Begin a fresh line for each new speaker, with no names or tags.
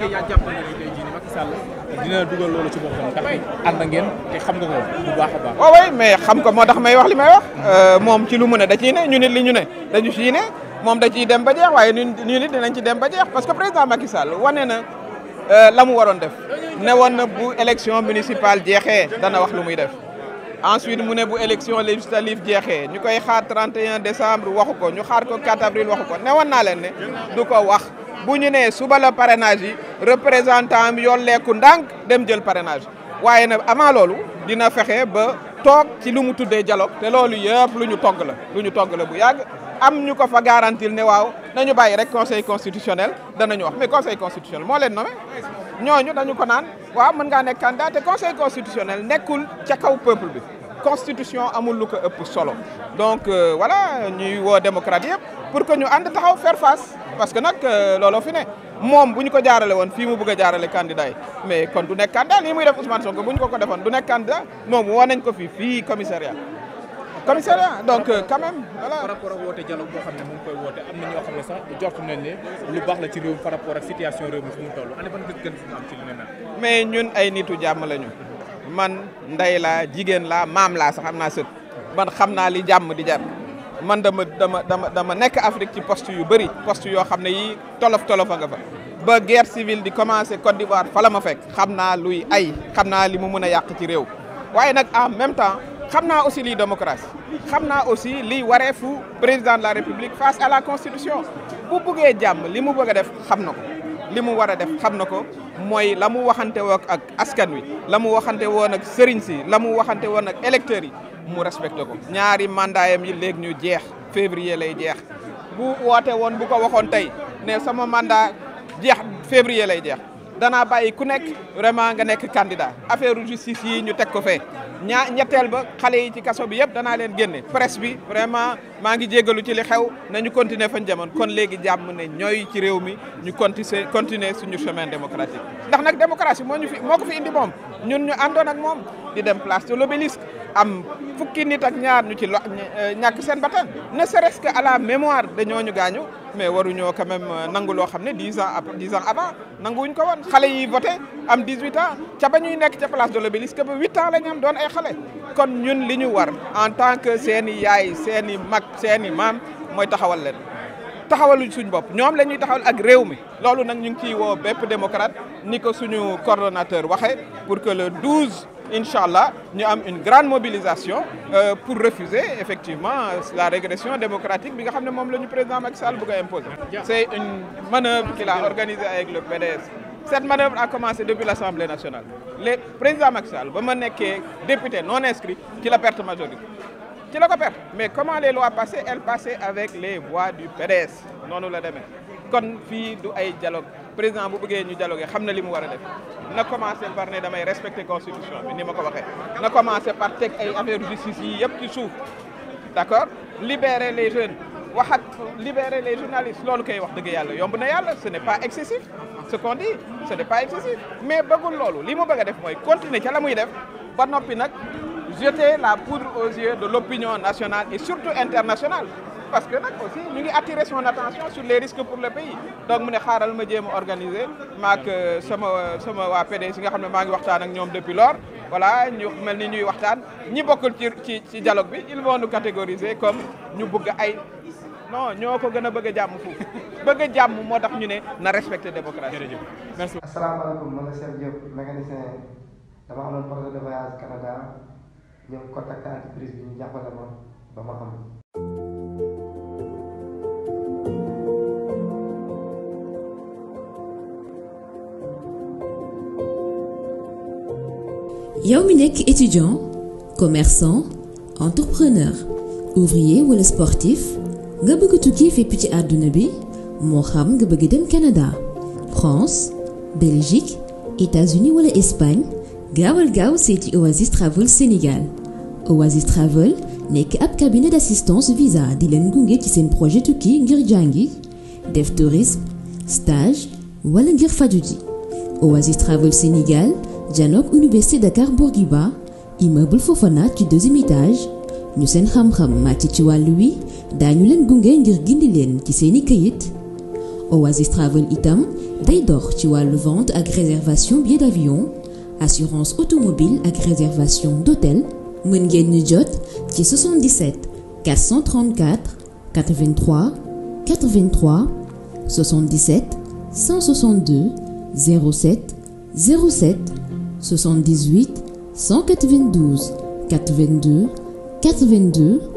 tey yaa jàpp ne tey jii Macky Sall dina dugal loolu ci boppam ndax ànd ngeen te xam nga ko bu baax a baax. waaw mais xam ko moo tax may wax li may wax. Euh, moom ci lu mu ne da ciy ne ñu nit li ñu ne dañu ciy ne moom da ciy dem ba jeex waaye ñun ñu nit dinañ ci dem ba jeex parce que président Macky Sall wane na euh, la mu waroon def ne woon na bu élection municipale jeexee dana wax lu muy def. ensuite mu ne bu élection législative jeexee ñu koy xaar 31 décembre waxu ko ñu xaar ko 4 avril waxu ko ne woon naa du ko wax. bu ñu nee suba la parenage yi représentant am yolleeku ndànk dem jël parenage waaye nag avant loolu dina fexe ba toog ci lu mu tuddee dialogue te loolu yëpp lu ñu togg la lu ñu togg la bu yàgg am ñu ko fa garantil ne waaw na ñu bàyyi rek conseil constitutionnel danañu wax me conseil constitutionnel moo leen nommé ñooñu dañu ko naan waaw mën ngaa nekk candidat te conseil constitutionnel nekkul ca kaw peuple bi constitution amul lu ko ëpp solo donc euh, voilà ñuy woo démocrate yëpp pour que ñu ànd taxaw faire face parce que nag euh, looloo fi ne moom bu ñu ko jaarale woon fi mu bëgg a jaarale candidat yi mais kon du ne candidat lii muy def Ousmane Sonko bu ñu ko ko defoon du nekk candidat moom woo ko fii fii commissariat commissariat donc euh, quand même voilà. par rapport woote dialogue boo xam ne mu ngi koy woote am na ñoo xam ne sax jort nañ ne situation ne mais ñun ay nitu jàmm lañu. man ndey laa jigéen laa maam laa sax am naa sët man xam naa li jàmm di jar man dama dama dama dama nekk Afrique ci poste yu bëri poste yoo xam ne yii tolof tolof a nga fa ba guerre civile di commencé Côte d'Ivoire fa ma fekk xam na luy ay xam naa li mu mën a yàq ci réew waaye nag en même temps xam naa aussi liy démocratie xam naa aussi liy wareefu président de la république face à la constitution bu buggee jàmm li mu bëgg a def xam na ko li mu war a def xam na ko mooy la mu waxante woon ak askan wi la mu waxante woon nag sëriñ si la mu waxante woon nag électeurs yi mu respecté ko ñaari mandaayam yi léegi ñu jeex février lay jeex bu woote woon bu ko waxoon tey ne sama mandat jeex février lay jeex danaa bàyyi ku nekk vraiment nga nekk candidat affaire justice yi ñu teg ko fee ñaa ñetteel ba xale yi ci kaso bi yëpp danaa leen génne presse bi vraiment maa ngi jégalu ci li xew nañu continuer fañ jamoon kon léegi jàmm ne ñooy ci réew mi ñu continuer continuer suñu chemin démocratique ndax nag démocratie moo ñu fi moo ko fi ndi moom ñun ñu àndoon ak moom di dem place de l'obélisque am fukki nit ak ñaar ñu ci lo ñàkk seen bakkan ne serait resque à la mémoire dañoo ñu gaañu mais waruñoo quand même euh, nangu loo xam ne dix ans après dix ans avant nanguwuñ ko woon xale yi voté am dix huit ans ca ba nekk ca place de l'Obélisque ba huit ans la ñu am doon ay xale. kon ñun li ñu war en tant que seeni i yaay seen i mag seen i maam mooy taxawal leen taxawaluñ suñ bopp ñoom la ñuy taxawal ak réew mi. loolu nag ñu ngi ciy woo bépp démocrate ni ko suñu coordonnateur waxee pour que le douze. incha allah ñu am une grande mobilisation euh, pour refuser effectivement la régression démocratique bi nga xam ne moom la ñu président Macky Sall a imposer. c' est une manœuvre qu'il a organisée avec le PDS. cette manœuvre a commencé depuis l' assemblée nationale le président Macky Sall ba ma nekkee député non inscrit ci la perte majorité ci la ko perte mais comment les lois passaient elles passaient avec les voix du PDS noonu la demee kon fii du ay dialogue président bu bëggee ñu dialoguer xam na li mu war a def na commencé par ne damay respecter constitution bi ni ma ko waxee na commencé par teg ay affaire justice yi yëpp ci suuf d'accord libérer les jeunes wax ak libérer les journalistes loolu koy wax dëgg yàlla yomb na yàlla ce n'est pas excessif ce qu'on ce n'est pas excessif mais bëggul loolu li mu bëgg a def mooy continuer ca la muy def ba noppi nag jeter la poudre aux yeux de l'opinion nationale et surtout internationale parce que nag aussi ñu ngi attirer son attention sur les risques pour le pays donc mu ne xaaral ma jéem a organiser maak euh, sama euh, sama waa PDS si nga xam ne maa ngi waxtaan ak ñoom depuis lors voilà ñu mel ni ñuy waxtaan ñi bokkul ci ci ci dialogue bi ils vont nous catégoriser comme ñu bëgg ay non ñoo ko gën a bëgg a jàmm foofu bëgg a jàmm moo tax ñu ne na respecter démocratie. jërëjëf merci. asalaamaaleykum man la Cheikh Diop dama amoon projet de voyage Canada ñoom contacté entreprise bi ñu jàppale ma
yow mi nekk étudiant commerçant entrepreneur ouvrier wala sportif nga bëgg tukki fépp ci àdduna bi moo xam nga bëgg dem Canada France Belgique États-Unis wala Espagne gaawal gaaw seeti Oasis Travel Sénégal Oasis Travel nekk ab cabinet d'assistance visa di leen gunge ci seen projet tukki ngir jàngi def tourisme stage wala ngir faju ji Oasis Travel Sénégal dialogue université Dakar Bourguiba immeuble Fofana ci deuxième étage ñu seen xamxam ma màcc ci wàllu wi daañu leen gunge ngir gindi leen ci seeni këyit Oasis Travel itam day dox ci wàllu vente ak réservation billet d'avion assurance automobile ak réservation d'hôtel mën ngeen ñu jot ci 77 434 83 83 77 162 07 07 78 192 82 82